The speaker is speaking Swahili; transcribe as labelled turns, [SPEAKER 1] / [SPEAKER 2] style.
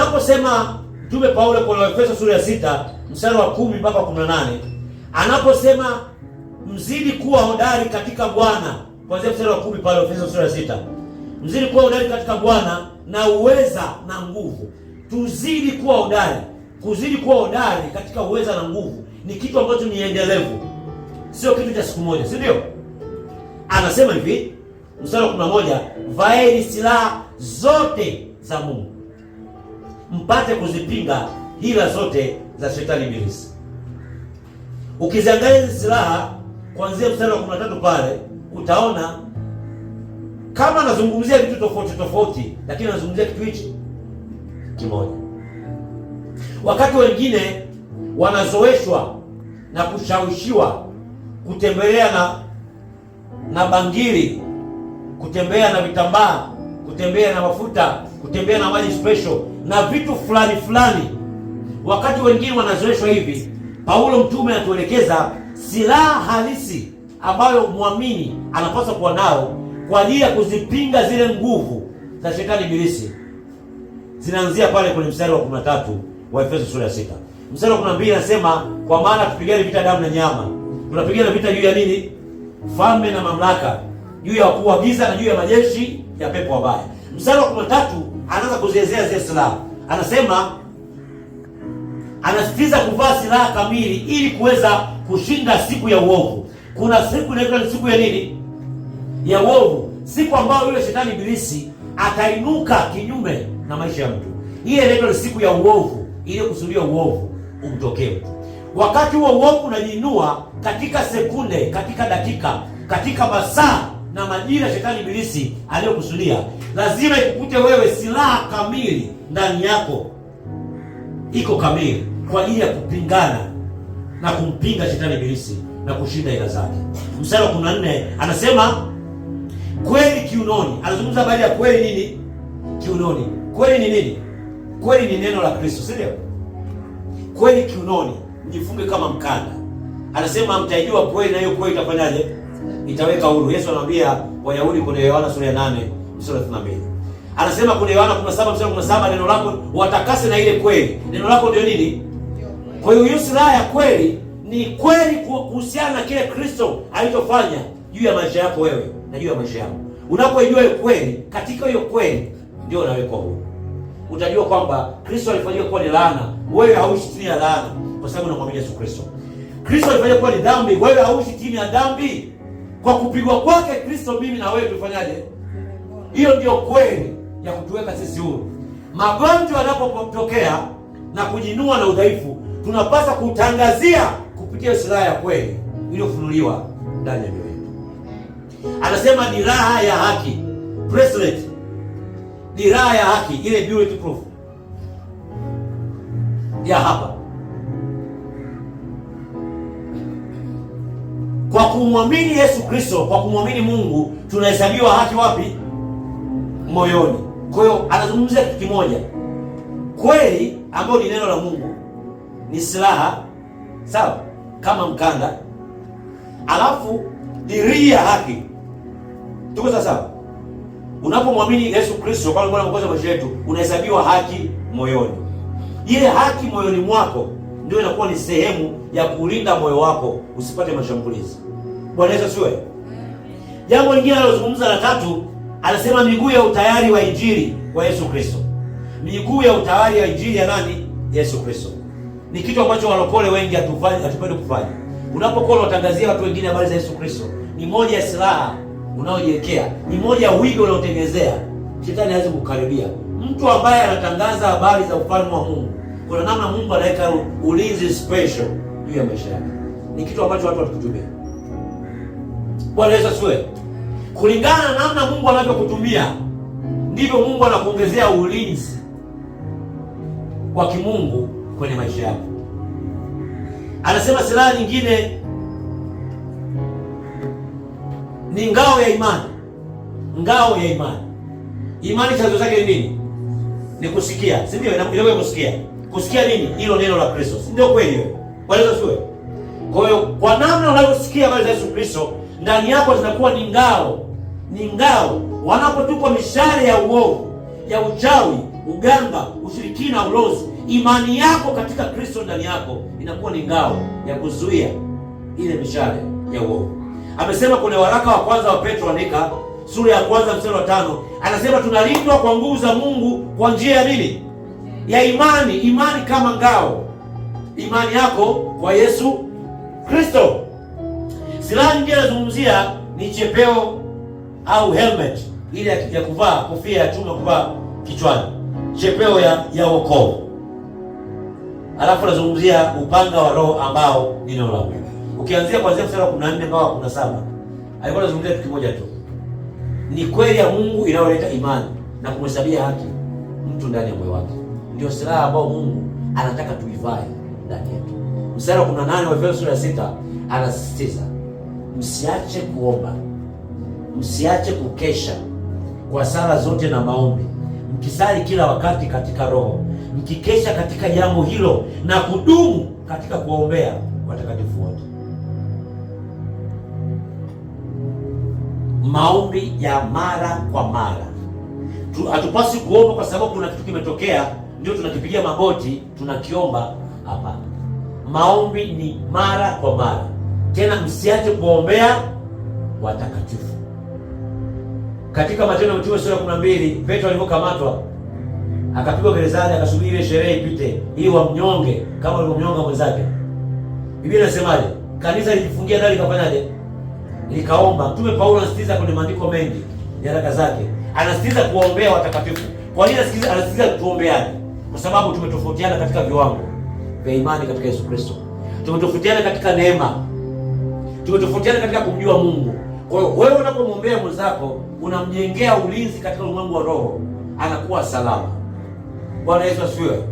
[SPEAKER 1] anaposema Mtume Paulo kwa Waefeso sura ya sita mstari wa kumi mpaka wa kumi na nane anaposema mzidi kuwa hodari katika Bwana, kuanzia mstari wa kumi pale Waefeso sura ya sita mzidi kuwa hodari katika Bwana na uweza na nguvu. Tuzidi kuwa hodari. Kuzidi kuwa hodari katika uweza na nguvu ni kitu ambacho ni endelevu, sio kitu cha siku moja, si ndio? Anasema hivi mstari wa kumi na moja vaeni silaha zote za Mungu mpate kuzipinga hila zote za shetani ibilisi. Ukiziangalia hizi silaha kuanzia mstari wa 13 pale utaona kama anazungumzia vitu tofauti tofauti, lakini anazungumzia kitu hichi kimoja, wakati wengine wanazoeshwa na kushawishiwa kutembelea na na bangili, kutembea na vitambaa, kutembea na mafuta, kutembea na maji special na vitu fulani fulani. Wakati wengine wanazoeshwa hivi, Paulo mtume anatuelekeza silaha halisi ambayo mwamini anapaswa kuwa nao kwa ajili ya kuzipinga zile nguvu za shetani ibilisi. Zinaanzia pale kwenye mstari wa 13 wa Efeso sura ya 6. Mstari wa 12 anasema kwa maana tupigane vita damu na nyama. Tunapigana vita juu ya nini? Falme na mamlaka, juu ya wakuu wa giza na juu ya majeshi ya pepo wabaya. Mstari wa 13 anaanza kuzielezea zile silaha. Anasema anasitiza kuvaa silaha kamili ili kuweza kushinda siku ya uovu. Kuna siku inaitwa ni siku ya nini? Ya uovu, siku ambayo yule shetani ibilisi atainuka kinyume na maisha ya mtu. Hiyo inaitwa ni siku ya uovu kusudia uovu umtokee mtu. Wakati huo uovu unajiinua katika sekunde, katika dakika, katika masaa na majira shetani ibilisi aliyokusudia, lazima ikukute wewe. Silaha kamili ndani yako iko kamili kwa ajili ya kupingana na kumpinga shetani ibilisi na kushinda ila zake. Mstari wa kumi na nne anasema kweli kiunoni, anazungumza habari ya kweli. Nini kiunoni? Kweli ni nini? Kweli ni neno la Kristo, si ndio? Kweli kiunoni, mjifunge kama mkanda. Anasema mtaijua kweli, na hiyo kweli itafanyaje? itaweka huru. Yesu anawaambia Wayahudi kwenye Yohana sura ya 8 sura ya 32. Anasema kwenye Yohana 17 mstari wa 17, neno lako watakase na ile kweli. Neno lako ndio nini? Kwa hiyo hiyo silaha ya kweli ni kweli kuhusiana na kile Kristo alichofanya juu ya maisha yako wewe na juu ya maisha yako. Unapojua hiyo kweli, katika hiyo kweli ndio unawekwa huru. Utajua kwamba Kristo alifanyika kuwa ni laana, wewe hauishi chini ya laana, kwa sababu unamwamini Yesu Kristo. Kristo alifanyika kuwa ni dhambi, wewe hauishi chini ya dhambi. Kwa kupigwa kwake Kristo, mimi na wewe tufanyaje? Hiyo ndiyo kweli ya kutuweka sisi huru. Magonjwa yanapotokea na kujinua na udhaifu, tunapaswa kutangazia kupitia silaha ya kweli iliyofunuliwa ndani ya mioyo yetu. Anasema ni raha ya haki, bracelet, ni raha ya haki, ile bulletproof ya hapa Kwa kumwamini Yesu Kristo, kwa kumwamini Mungu tunahesabiwa haki wapi? Moyoni. Kwa hiyo anazungumzia kitu kimoja, kweli ambayo ni neno la Mungu ni silaha sawa, kama mkanda, alafu dirii ya haki. Tuko sawa sawa? Unapomwamini Yesu Kristo kwa Bwana Mwokozi wa maisha yetu, unahesabiwa haki moyoni. Ile haki moyoni mwako ndio inakuwa ni sehemu ya kulinda moyo wako usipate mashambulizi. Bwana Yesu Jambo lingine alozungumza la tatu, anasema miguu ya utayari wa injili wa Yesu Kristo. Miguu ya utayari wa injili ya nani? Yesu Kristo. Ni kitu ambacho walokole wengi hatufanyi, hatupendi kufanya. Unapokuwa unatangazia watu wengine habari za Yesu Kristo, ni moja ya silaha unaojiwekea, ni moja ya wigo unaotengenezea Shetani hawezi kukaribia mtu ambaye anatangaza habari za ufalme wa Mungu. Kuna namna Mungu anaweka ulinzi special juu ya maisha yake. Ni kitu ambacho watu watakitumia Bwana Yesu asifiwe. Kulingana na namna Mungu anavyokutumia ndivyo Mungu anakuongezea ulinzi wa kimungu kwenye maisha yako. Anasema silaha nyingine ni ngao ya imani. Ngao ya imani, imani chanzo chake ni nini? Ni kusikia, si ndio? Inakuja kusikia. Kusikia nini? Hilo neno la Kristo, si ndio? Kweli hiyo, Kwa hiyo kwa namna unavyosikia habari za Yesu Kristo ndani yako zinakuwa ni ngao, ni ngao wanapotupwa mishale ya uovu, ya uchawi, uganga, ushirikina, ulozi, imani yako katika Kristo ndani yako inakuwa ni ngao ya kuzuia ile mishale ya uovu. Amesema kwenye waraka wa kwanza wa Petro andika sura ya kwanza mstari wa tano anasema tunalindwa kwa nguvu za Mungu kwa njia ya nini? Ya imani. Imani kama ngao, imani yako kwa Yesu Kristo. Silaha nyingine anazungumzia ni chepeo au helmet ile ya kuvaa, kofia ya chuma kuvaa kichwani, chepeo ya ya wokovu. Alafu anazungumzia upanga wa Roho ambao ni neno la Mungu. Ukianzia kuanzia mstari wa 14 mpaka 17 alikuwa anazungumzia kitu kimoja tu, ni kweli ya Mungu inayoleta imani na kumhesabia haki mtu ndani ya moyo wake. Ndio silaha ambayo Mungu anataka tuivae ndani yetu. Mstari wa 18 wa Efeso sura ya 6 anasisitiza msiache kuomba, msiache kukesha kwa sala zote na maombi, mkisali kila wakati katika Roho, mkikesha katika jambo hilo na kudumu katika kuwaombea watakatifu wote. Maombi ya mara kwa mara. Hatupasi kuomba kwa sababu kuna kitu kimetokea ndio tunakipigia magoti tunakiomba. Hapana, maombi ni mara kwa mara. Tena msiache kuombea watakatifu. Katika Matendo ya Mitume sura ya 12, Petro alipokamatwa akapigwa gerezani, akasubiri ile sherehe ipite ili wamnyonge kama walivyomnyonga mwenzake. Biblia inasemaje? Kanisa lilifungia ndani likafanyaje? Likaomba. Mtume Paulo anasisitiza kwenye maandiko mengi, nyaraka zake, anasisitiza kuombea watakatifu. Kwa nini anasisitiza? Anasisitiza tuombeane, kwa sababu tumetofautiana katika viwango vya imani katika Yesu Kristo, tumetofautiana katika neema tumetofautiana katika kumjua Mungu. Kwa hiyo wewe unapomwombea mwenzako unamjengea ulinzi katika ulimwengu wa roho, anakuwa salama. Bwana Yesu asifiwe.